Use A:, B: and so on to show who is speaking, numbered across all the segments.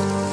A: you.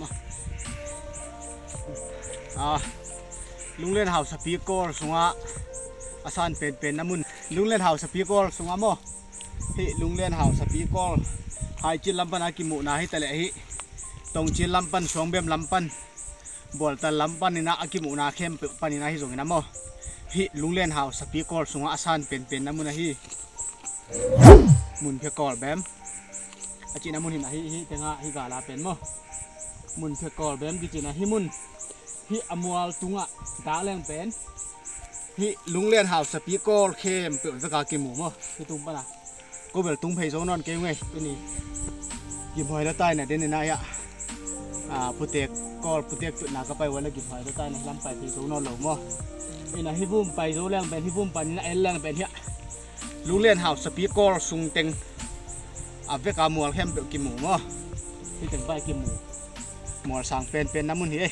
B: มาอ่าลุงเล่นเฮาสปีกอลสงงาอาสานเป็นเป็นน้ำมุน ลุงเล่นเฮาสปีกอลสงอมโมฮิลุงเล่นเฮาสปีกอลหายจิตลำปันอากิมุนาฮิตะเลฮิตรงจิตลำปันสองเบมลำปันบอลตะลำปันนี่นะอากิมุนาเข้มปันนี่นะฮิสงงนะมั้ฮิลุงเล่นเฮาสปีกอลสงงาอาสานเป็นเป็นน้ำมุนนะฮิมุนเพียกอลแบมอาจิน้ำมุนหิ่นะฮิฮิเตงะฮิกาลาเป็นมมุนเพกอลเบนบิจินะฮิมุนฮิอมัวลตุงะดาแรงเป็นฮิลุงเลียนหาวสปีกอลเคมเปิดสกากิมูมั้งฮิตุงปะนะก็เปิดตุงเพย์โซนอนเกงไงเป็นนี่กิมหอยแล้นใต้เนี่ยเด่นในนายอะอ่าพูทเตกกอลพูทเตกจุดหนักก็ไปวันละกิมหอยแล้นใต้เนี่ยลำไปเพยโซนอนหลงมั้งนี่นะฮิบุ่มไปโซแรงเป็นฮิบุ่มไปน่นะเอ็นแรงเป็นเฮียลุงเลียนหาวสปีกอลซุงเต็งอาเวกามัวเข้มเปิดกิมูมั้งฮิตุงไปกิมูหมอสังเป็นเป็นน้ำมันเฮ้